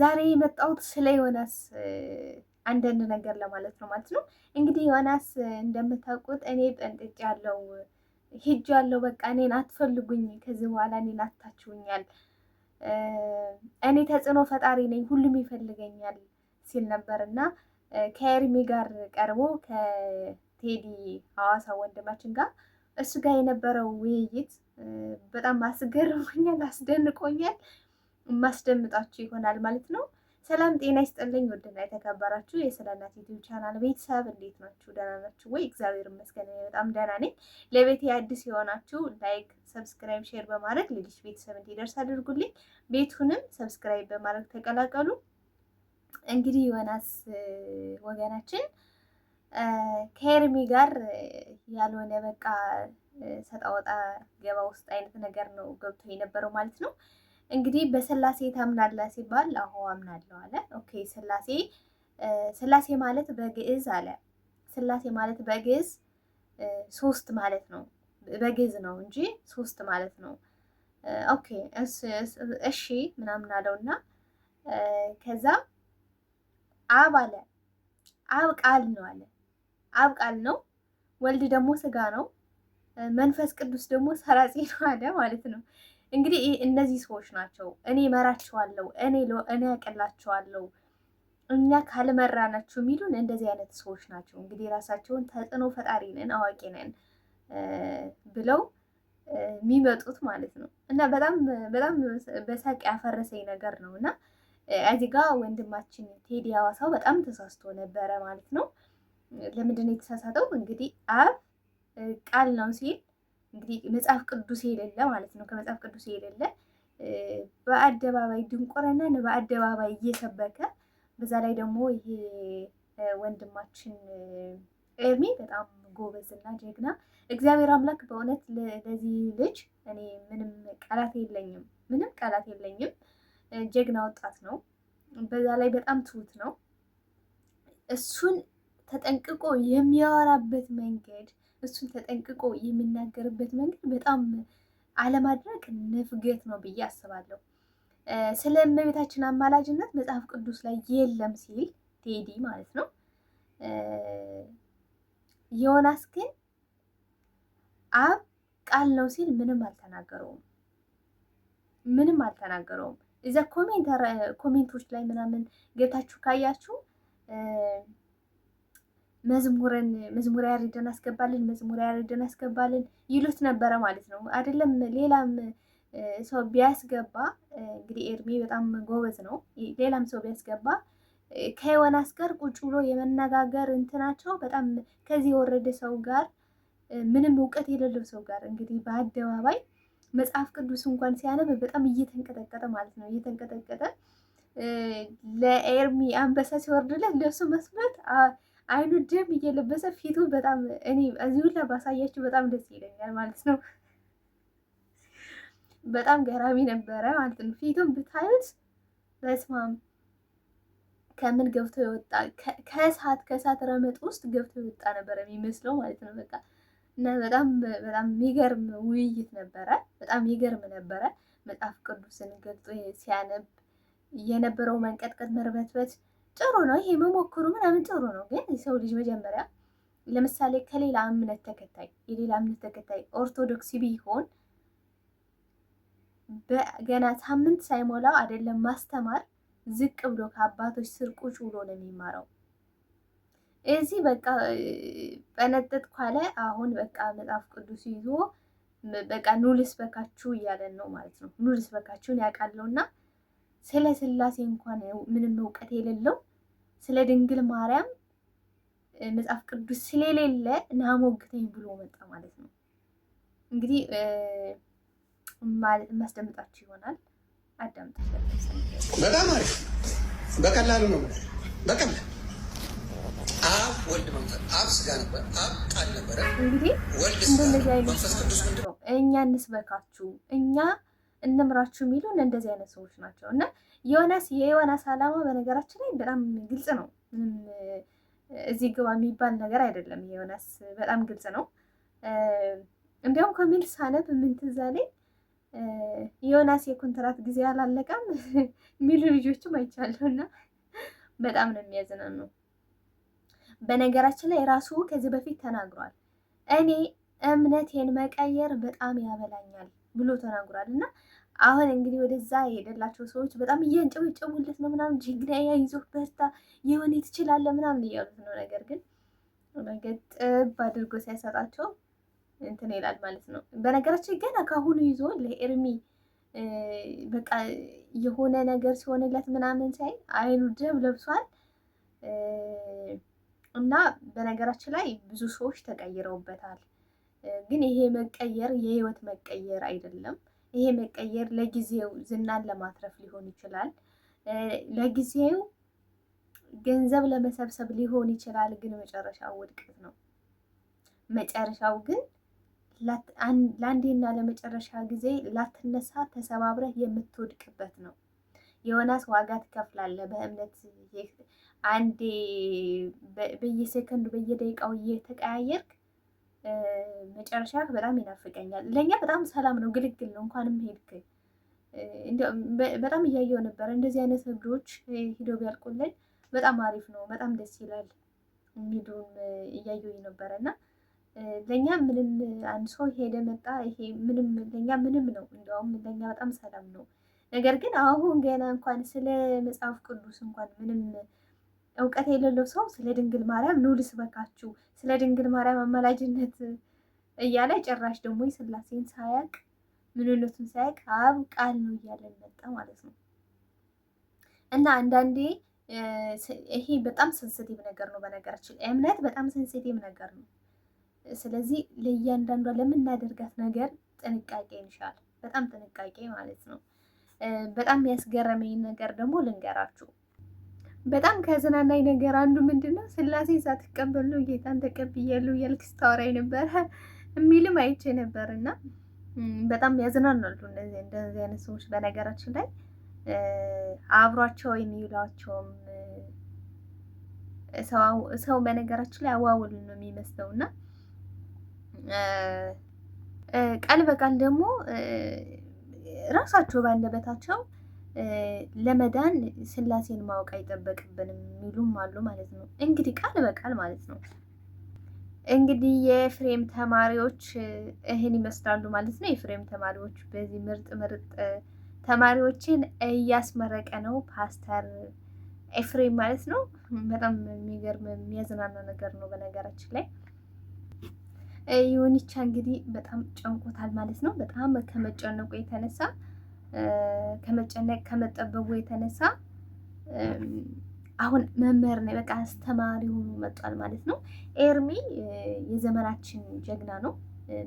ዛሬ የመጣሁት ስለ ዮናስ አንዳንድ ነገር ለማለት ነው ማለት ነው። እንግዲህ ዮናስ እንደምታውቁት እኔ ጠንጥጭ ያለው ሂጅ ያለው በቃ እኔን አትፈልጉኝ፣ ከዚህ በኋላ እኔን አታችሁኛል፣ እኔ ተጽዕኖ ፈጣሪ ነኝ፣ ሁሉም ይፈልገኛል ሲል ነበር እና ከኤርሚ ጋር ቀርቦ ከቴዲ ሐዋሳ ወንድማችን ጋር እሱ ጋር የነበረው ውይይት በጣም አስገርሞኛል፣ አስደንቆኛል። ማስደምጣችሁ ይሆናል ማለት ነው። ሰላም ጤና ይስጥልኝ። ውድና የተከበራችሁ የሰላናት ዩቲዩብ ቻናል ቤተሰብ እንዴት ናችሁ? ደህና ናችሁ ወይ? እግዚአብሔር ይመስገን በጣም ደህና ነኝ። ለቤት አዲስ የሆናችሁ ላይክ፣ ሰብስክራይብ፣ ሼር በማድረግ ሌሎች ቤተሰብ እንዲደርስ አድርጉልኝ። ቤቱንም ሰብስክራይብ በማድረግ ተቀላቀሉ። እንግዲህ ዮናስ ወገናችን ከኤርሚ ጋር ያልሆነ በቃ ሰጣወጣ ገባ ውስጥ አይነት ነገር ነው ገብቶ የነበረው ማለት ነው። እንግዲህ በስላሴ ታምናለህ ሲባል አዎ አምናለሁ አለ። ኦኬ ስላሴ ስላሴ ማለት በግዕዝ አለ ስላሴ ማለት በግዕዝ ሶስት ማለት ነው። በግዕዝ ነው እንጂ ሶስት ማለት ነው። ኦኬ እሺ ምናምን እና ከዛ አብ አለ አብ ቃል ነው አለ አብ ቃል ነው። ወልድ ደግሞ ስጋ ነው። መንፈስ ቅዱስ ደግሞ ሰራጺ ነው አለ ማለት ነው። እንግዲህ እነዚህ ሰዎች ናቸው እኔ መራችኋለሁ፣ እኔ እኔ ያቀላችኋለሁ፣ እኛ ናቸው የሚሉን እንደዚህ አይነት ሰዎች ናቸው። እንግዲህ ራሳቸውን ተጽዕኖ ፈጣሪ ነን አዋቂ ነን ብለው የሚመጡት ማለት ነው። እና በጣም በጣም በሳቅ ያፈረሰኝ ነገር ነው። እና እዚህ ጋ ወንድማችን ቴዲ ሀዋሳው በጣም ተሳስቶ ነበረ ማለት ነው። ለምንድን ነው የተሳሳተው? እንግዲህ አብ ቃል ነው ሲል እንግዲህ መጽሐፍ ቅዱስ የሌለ ማለት ነው። ከመጽሐፍ ቅዱስ የሌለ በአደባባይ ድንቁርናን በአደባባይ እየሰበከ በዛ ላይ ደግሞ ይሄ ወንድማችን ኤርሚ በጣም ጎበዝና ጀግና እግዚአብሔር አምላክ በእውነት ለዚህ ልጅ እኔ ምንም ቃላት የለኝም፣ ምንም ቃላት የለኝም። ጀግና ወጣት ነው። በዛ ላይ በጣም ትሁት ነው። እሱን ተጠንቅቆ የሚያወራበት መንገድ እሱን ተጠንቅቆ የሚናገርበት መንገድ በጣም አለማድረግ ንፍገት ነው ብዬ አስባለሁ። ስለ እመቤታችን አማላጅነት መጽሐፍ ቅዱስ ላይ የለም ሲል ቴዲ ማለት ነው። ዮናስ ግን አብ ቃል ነው ሲል ምንም አልተናገረውም፣ ምንም አልተናገረውም። እዚያ ኮሜንቶች ላይ ምናምን ገብታችሁ ካያችሁ መዝሙርን መዝሙር ያሬድን አስገባልን፣ መዝሙር ያሬድን አስገባልን ይሉት ነበረ ማለት ነው። አይደለም ሌላም ሰው ቢያስገባ እንግዲህ ኤርሚ በጣም ጎበዝ ነው። ሌላም ሰው ቢያስገባ ከዮናስ ጋር ቁጭ ብሎ የመነጋገር እንትናቸው በጣም ከዚህ የወረደ ሰው ጋር ምንም እውቀት የሌለው ሰው ጋር እንግዲህ በአደባባይ መጽሐፍ ቅዱስ እንኳን ሲያነብ በጣም እየተንቀጠቀጠ ማለት ነው እየተንቀጠቀጠ ለኤርሚ አንበሳ ሲወርድለት ለሱ መስመት አይኑ ደም እየለበሰ ፊቱ በጣም እኔ እዚህ ሁላ ባሳያችሁ በጣም ደስ ይለኛል ማለት ነው። በጣም ገራሚ ነበረ ማለት ነው። ፊቱን ብታዩት በስማም ከምን ገብቶ የወጣ ከእሳት ከእሳት ረመጥ ውስጥ ገብቶ የወጣ ነበረ የሚመስለው ማለት ነው። በቃ እና በጣም በጣም የሚገርም ውይይት ነበረ። በጣም የሚገርም ነበረ። መጽሐፍ ቅዱስን ገልጦ ሲያነብ የነበረው መንቀጥቀጥ መርበትበት ጥሩ ነው ይሄ መሞክሩ ምናምን ጥሩ ነው። ግን የሰው ልጅ መጀመሪያ ለምሳሌ ከሌላ እምነት ተከታይ የሌላ እምነት ተከታይ ኦርቶዶክስ ቢሆን በገና ሳምንት ሳይሞላው አይደለም ማስተማር ዝቅ ብሎ ከአባቶች ስር ቁጭ ብሎ ነው የሚማረው። እዚህ በቃ በነጠጥኳለ ኳለ አሁን በቃ መጽሐፍ ቅዱስ ይዞ በቃ ኑልስ በካችሁ እያለን ነው ማለት ነው። ኑልስ በካችሁን ያውቃለውና ስለ ስላሴ እንኳን ምንም እውቀት የሌለው ስለ ድንግል ማርያም መጽሐፍ ቅዱስ ስለሌለ ናሞግተኝ ብሎ መጣ ማለት ነው። እንግዲህ የማስደምጣችሁ ይሆናል። አዳምጣ። በጣም አሪፍ። በቀላሉ ነው። በቀላል አብ ወልድ መንፈስ አብ ስጋ ነበር፣ አብ ቃል ነበረ። እንግዲህ ወልድ ስጋ መንፈስ እንደነዚህ አይነት እኛ እንስበካችሁ እኛ እንምራችሁ የሚሉን እንደዚህ አይነት ሰዎች ናቸው። እና የዮናስ የዮናስ ዓላማ በነገራችን ላይ በጣም ግልጽ ነው። ምንም እዚህ ግባ የሚባል ነገር አይደለም። የዮናስ በጣም ግልጽ ነው። እንዲያውም ከሚል ሳነብ ምን ትዝ አለኝ፣ የኮንትራት ጊዜ አላለቀም የሚሉ ልጆችም አይቻለሁ። እና በጣም ነው የሚያዝናን ነው። በነገራችን ላይ ራሱ ከዚህ በፊት ተናግሯል። እኔ እምነቴን መቀየር በጣም ያበላኛል ብሎ ተናግሯል እና አሁን እንግዲህ ወደዛ የሄደላቸው ሰዎች በጣም እያንጨበጨቡለት ነው ምናምን፣ ጅግና ያይዞ በርታ፣ የሆነ ትችላለህ ምናምን እያሉት ነው። ነገር ግን ጥብ አድርጎ ሳይሰጣቸው እንትን ይላል ማለት ነው። በነገራችን ገና ከአሁኑ ይዞ ለኤርሚ በቃ የሆነ ነገር ሲሆንለት ምናምን ሳይ አይኑ ደም ለብሷል። እና በነገራችን ላይ ብዙ ሰዎች ተቀይረውበታል። ግን ይሄ መቀየር የህይወት መቀየር አይደለም። ይሄ መቀየር ለጊዜው ዝናን ለማትረፍ ሊሆን ይችላል። ለጊዜው ገንዘብ ለመሰብሰብ ሊሆን ይችላል። ግን መጨረሻው ውድቀት ነው። መጨረሻው ግን ለአንዴና ለመጨረሻ ጊዜ ላትነሳ ተሰባብረህ የምትወድቅበት ነው። ዮናስ ዋጋ ትከፍላለህ። በእምነት አንዴ በየሴከንዱ በየደቂቃው እየተቀያየርክ መጨረሻ በጣም ይናፍቀኛል። ለእኛ በጣም ሰላም ነው፣ ግልግል ነው። እንኳንም ሄድክ በጣም እያየው ነበረ። እንደዚህ አይነት ህብዶች ሂደው ቢያልቁልን በጣም አሪፍ ነው፣ በጣም ደስ ይላል ሚዱን እያየው ነበረ እና ለእኛ ምንም አንድ ሰው ሄደ መጣ፣ ይሄ ምንም ለእኛ ምንም ነው። እንዲያውም ለእኛ በጣም ሰላም ነው። ነገር ግን አሁን ገና እንኳን ስለ መጽሐፍ ቅዱስ እንኳን ምንም እውቀት የሌለው ሰው ስለ ድንግል ማርያም ኑ ልስበካችሁ፣ ስለ ድንግል ማርያም አማላጅነት እያለ ጭራሽ ደግሞ ስላሴን ሳያቅ ምንነቱን ሳያቅ አብ ቃል ነው እያለ መጣ ማለት ነው። እና አንዳንዴ ይሄ በጣም ሴንሲቲቭ ነገር ነው። በነገራችን እምነት በጣም ሴንሲቲቭ ነገር ነው። ስለዚህ ለእያንዳንዷ ለምናደርጋት ነገር ጥንቃቄ ይሻል፣ በጣም ጥንቃቄ ማለት ነው። በጣም ያስገረመኝ ነገር ደግሞ ልንገራችሁ በጣም ከዝናናኝ ነገር አንዱ ምንድን ነው ስላሴ ሳትቀበሉ ጌታን ተቀብያሉ እያልክ ስታወራኝ ነበረ የሚልም አይቼ ነበር እና በጣም ያዝናናሉ እንደዚህ አይነት ሰዎች በነገራችን ላይ አብሯቸው የሚውላቸውም ሰው በነገራችን ላይ አዋውል ነው የሚመስለው እና ቃል በቃል ደግሞ ራሳቸው ባለበታቸው ለመዳን ስላሴን ማወቅ አይጠበቅብንም የሚሉም አሉ ማለት ነው። እንግዲህ ቃል በቃል ማለት ነው። እንግዲህ የኤፍሬም ተማሪዎች ይህን ይመስላሉ ማለት ነው። የኤፍሬም ተማሪዎች በዚህ ምርጥ ምርጥ ተማሪዎችን እያስመረቀ ነው ፓስተር ኤፍሬም ማለት ነው። በጣም የሚገርም የሚያዝናና ነገር ነው። በነገራችን ላይ ዮኒቻ እንግዲህ በጣም ጨንቆታል ማለት ነው። በጣም ከመጨነቁ የተነሳ ከመጨነቅ ከመጠበቡ የተነሳ አሁን መምህር ነው፣ በቃ አስተማሪ ሆኖ መጧል ማለት ነው። ኤርሚ የዘመናችን ጀግና ነው።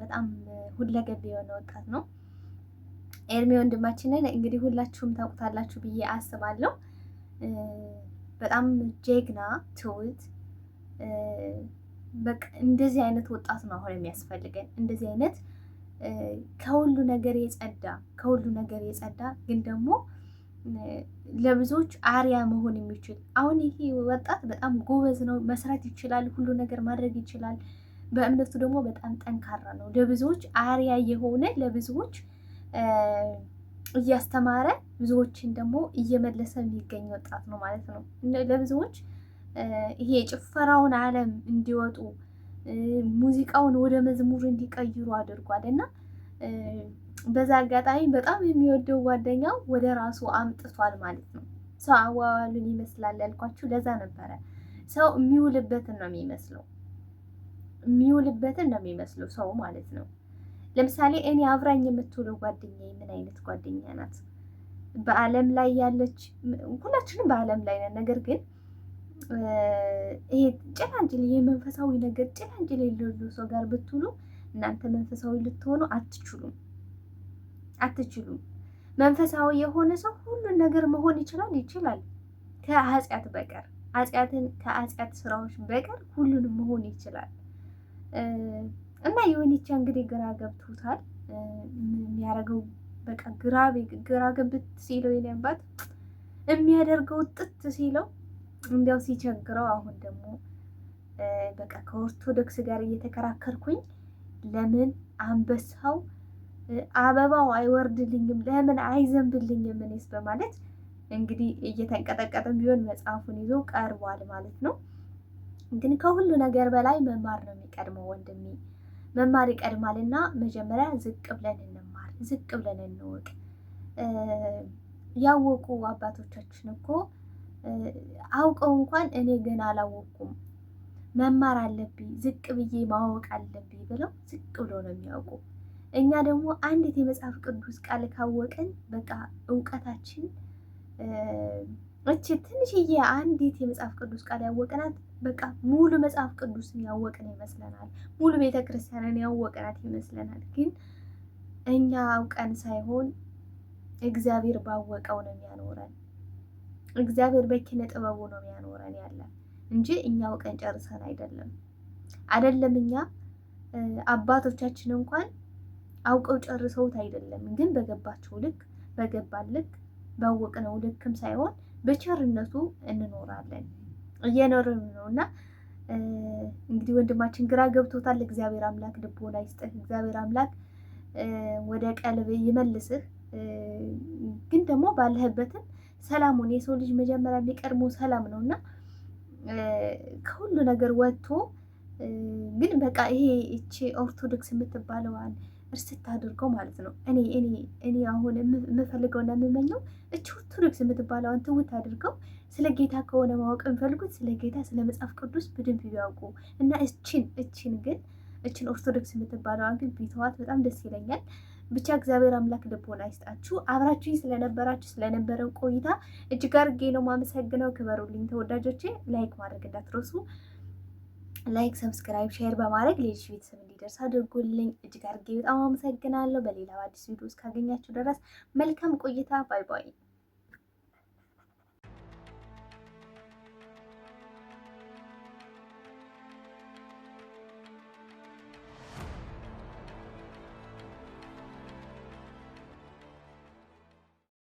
በጣም ሁለገብ የሆነ ወጣት ነው። ኤርሚ ወንድማችንን እንግዲህ ሁላችሁም ታውቁታላችሁ ብዬ አስባለሁ። በጣም ጀግና ትውልድ በቃ እንደዚህ አይነት ወጣት ነው አሁን የሚያስፈልገን እንደዚህ አይነት ከሁሉ ነገር የጸዳ ከሁሉ ነገር የጸዳ ግን ደግሞ ለብዙዎች አሪያ መሆን የሚችል አሁን ይሄ ወጣት በጣም ጎበዝ ነው፣ መስራት ይችላል፣ ሁሉ ነገር ማድረግ ይችላል። በእምነቱ ደግሞ በጣም ጠንካራ ነው። ለብዙዎች አሪያ የሆነ ለብዙዎች እያስተማረ ብዙዎችን ደግሞ እየመለሰ የሚገኝ ወጣት ነው ማለት ነው። ለብዙዎች ይሄ የጭፈራውን ዓለም እንዲወጡ ሙዚቃውን ወደ መዝሙር እንዲቀይሩ አድርጓል እና በዛ አጋጣሚ በጣም የሚወደው ጓደኛው ወደ ራሱ አምጥቷል ማለት ነው። ሰው አዋዋሉን ይመስላል ያልኳችሁ ለዛ ነበረ። ሰው የሚውልበትን ነው የሚመስለው፣ የሚውልበትን ነው የሚመስለው ሰው ማለት ነው። ለምሳሌ እኔ አብራኝ የምትውለው ጓደኛ ምን አይነት ጓደኛ ናት? በዓለም ላይ ያለች ሁላችንም በዓለም ላይ ነን፣ ነገር ግን ይሄ ጭላንጭል የመንፈሳዊ ነገር ጭላንጭል የሌለው ሰው ጋር ብትውሉ እናንተ መንፈሳዊ ልትሆኑ አትችሉም አትችሉም። መንፈሳዊ የሆነ ሰው ሁሉን ነገር መሆን ይችላል ይችላል ከኃጢአት በቀር ኃጢአትን ከኃጢአት ስራዎች በቀር ሁሉንም መሆን ይችላል። እና የሆኒቻ እንግዲህ ግራ ገብቶታል። የሚያደርገው በቃ ግራ ገብት ሲለው የኔ አባት የሚያደርገው ጥት ሲለው እንዲያው ሲቸግረው አሁን ደግሞ በቃ ከኦርቶዶክስ ጋር እየተከራከርኩኝ ለምን አንበሳው አበባው አይወርድልኝም ለምን አይዘንብልኝም እኔስ በማለት እንግዲህ እየተንቀጠቀጠ ቢሆን መጽሐፉን ይዞ ቀርቧል ማለት ነው። ግን ከሁሉ ነገር በላይ መማር ነው የሚቀድመው ወንድሜ፣ መማር ይቀድማል እና መጀመሪያ ዝቅ ብለን እንማር፣ ዝቅ ብለን እንወቅ። ያወቁ አባቶቻችን እኮ አውቀው እንኳን እኔ ገና አላወቅኩም መማር አለብኝ ዝቅ ብዬ ማወቅ አለብኝ ብለው ዝቅ ብሎ ነው የሚያውቁ። እኛ ደግሞ አንዲት የመጽሐፍ ቅዱስ ቃል ካወቅን በቃ እውቀታችን እች ትንሽዬ አንዲት የመጽሐፍ ቅዱስ ቃል ያወቅናት በቃ ሙሉ መጽሐፍ ቅዱስን ያወቅን ይመስለናል። ሙሉ ቤተ ክርስቲያንን ያወቅናት ይመስለናል። ግን እኛ አውቀን ሳይሆን እግዚአብሔር ባወቀው ነው የሚያኖረን። እግዚአብሔር በኪነ ጥበቡ ነው የሚያኖረን ያለ እንጂ እኛ አውቀን ጨርሰን አይደለም። አይደለም እኛ አባቶቻችን እንኳን አውቀው ጨርሰውት አይደለም፣ ግን በገባቸው ልክ በገባን ልክ ባወቅነው ልክም ሳይሆን በቸርነቱ እንኖራለን እየኖርን ነው እና እንግዲህ ወንድማችን ግራ ገብቶታል። እግዚአብሔር አምላክ ልቦና ይስጥህ። እግዚአብሔር አምላክ ወደ ቀልብ ይመልስህ። ግን ደግሞ ባለህበትን ሰላሙን የሰው ልጅ መጀመሪያ የሚቀድመው ሰላም ነው እና ከሁሉ ነገር ወጥቶ ግን በቃ ይሄ እቺ ኦርቶዶክስ የምትባለዋን እርስት አድርገው ማለት ነው። እኔ እኔ እኔ አሁን የምፈልገውና የምመኘው እች ኦርቶዶክስ የምትባለዋን ትውት አድርገው ስለ ጌታ ከሆነ ማወቅ የሚፈልጉት ስለ ጌታ ስለ መጽሐፍ ቅዱስ በደንብ ቢያውቁ እና እችን እችን ግን እችን ኦርቶዶክስ የምትባለዋን ግን ቢተዋት በጣም ደስ ይለኛል። ብቻ እግዚአብሔር አምላክ ልቦና ይስጣችሁ። አብራችሁኝ ስለነበራችሁ ስለነበረው ቆይታ እጅግ አድርጌ ነው ማመሰግነው። ክበሩልኝ ተወዳጆቼ። ላይክ ማድረግ እንዳትረሱ። ላይክ፣ ሰብስክራይብ፣ ሼር በማድረግ ሌሎች ቤተሰብ እንዲደርስ አድርጉልኝ። እጅግ አድርጌ በጣም አመሰግናለሁ። በሌላ በአዲስ ቪዲዮ እስካገኛችሁ ድረስ መልካም ቆይታ። ባይ ባይ።